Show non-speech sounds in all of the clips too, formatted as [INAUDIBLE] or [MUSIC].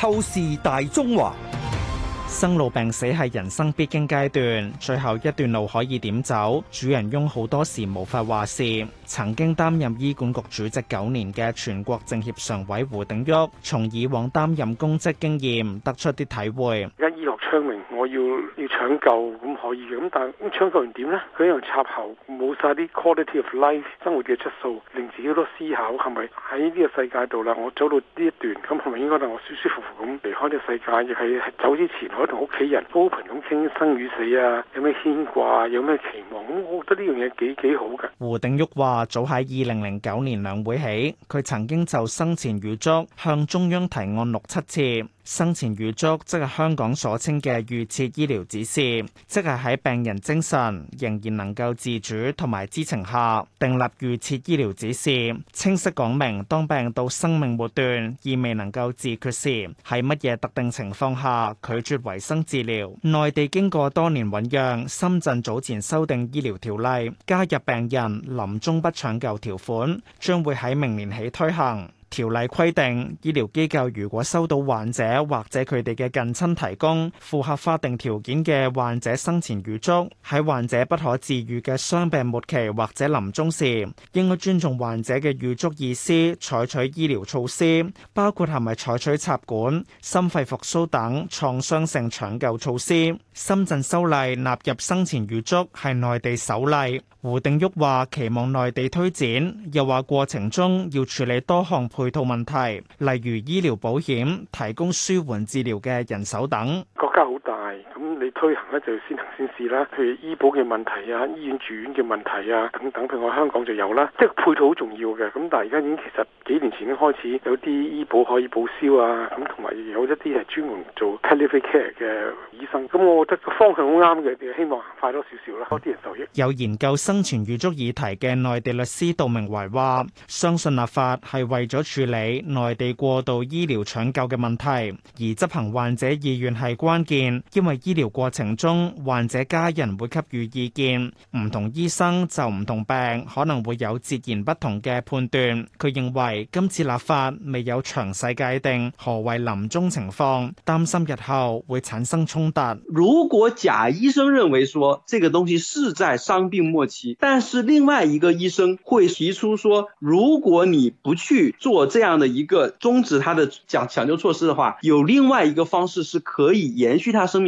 透視大中華，生老病死係人生必經階段，最後一段路可以點走？主人翁好多時無法話事。曾經擔任醫管局主席九年嘅全國政協常委胡定旭，從以往擔任公職經驗得出啲體會。醫學昌明，我要要搶救咁可以，咁但搶救完點呢？佢喺度插喉，冇晒啲 quality of life 生活嘅質素，令自己都思考係咪喺呢個世界度啦？我走到呢一段，咁係咪應該等我舒舒服服咁離開呢個世界？亦係走之前可以，可同屋企人 open 咁傾生與死啊，有咩牽掛，有咩期望？咁我覺得呢樣嘢幾幾好噶。胡定旭話：早喺二零零九年兩會起，佢曾經就生前預囑向中央提案六七次。生前預囑即係香港所稱嘅預設醫療指示，即係喺病人精神仍然能夠自主同埋知情下，訂立預設醫療指示，清晰講明當病到生命末段而未能夠自決時，喺乜嘢特定情況下拒絕維生治療。內地經過多年醖釀，深圳早前修訂醫療條例，加入病人臨終不搶救條款，將會喺明年起推行。條例規定，醫療機構如果收到患者或者佢哋嘅近親提供符合法定條件嘅患者生前預囑，在患者不可治愈嘅傷病末期或者臨終時，應該尊重患者嘅預囑意思，採取醫療措施，包括係咪採取插管、心肺復甦等創傷性搶救措施。深圳修例納入生前預囑係內地首例。胡定旭話期望內地推展，又話，過程中要處理多項配套問題，例如醫療保險、提供舒緩治療嘅人手等。國家好。咁你推行咧就先行先試啦，譬如醫保嘅問題啊、醫院住院嘅問題啊等等，譬如我香港就有啦，即係配套好重要嘅。咁但係而家已經其實幾年前已經開始有啲醫保可以報銷啊，咁同埋有一啲係專門做 palliative care 嘅醫生。咁我覺得個方向好啱嘅，希望快多少少啦，多啲人受益。有研究生前預囑議題嘅內地律師杜明維話，相信立法係為咗處理內地過度醫療搶救嘅問題，而執行患者意願係關鍵。 [MUSIC] 因為醫療過程中，患者家人會給予意見，唔同醫生就唔同病，可能會有截然不同嘅判斷。佢認為今次立法未有詳細界定何為臨終情況，擔心日後會產生衝突。如果甲醫生認為說這個東西是在傷病末期，但是另外一個醫生會提出說，如果你不去做這樣的一個終止他的搶搶救措施的話，有另外一個方式是可以延續他生命。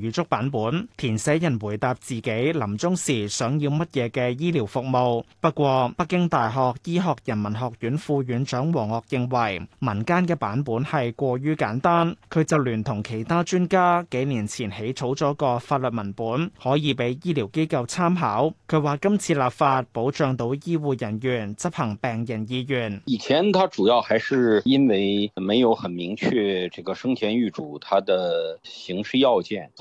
預囑版本，填寫人回答自己臨終時想要乜嘢嘅醫療服務。不過，北京大學醫學人文學院副院長王岳認為，民間嘅版本係過於簡單。佢就聯同其他專家幾年前起草咗個法律文本，可以俾醫療機構參考。佢話今次立法保障到醫護人員執行病人意願。以前，他主要還是因為沒有很明確這個生前預囑他的形式要件。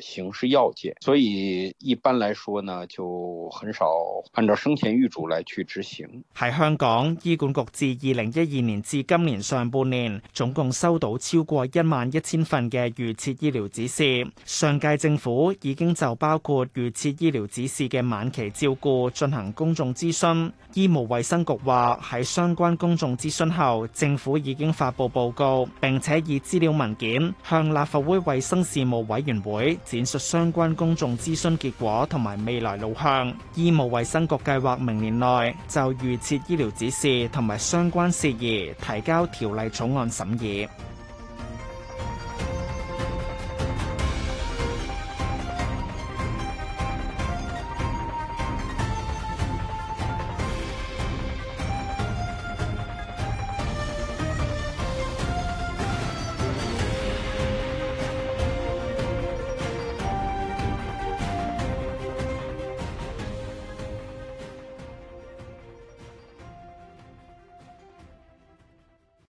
形式要件，所以一般來說呢，就很少按照生前預囑來去執行。喺香港，醫管局自二零一二年至今年上半年，總共收到超過一萬一千份嘅預設醫療指示。上屆政府已經就包括預設醫療指示嘅晚期照顧進行公眾諮詢。醫務衛生局話，喺相關公眾諮詢後，政府已經發布報告，並且以資料文件向立法會衛生事務委員會，展述相關公眾諮詢結果同埋未來路向，醫務衛生局計劃明年內就預設醫療指示同埋相關事宜提交條例草案審議。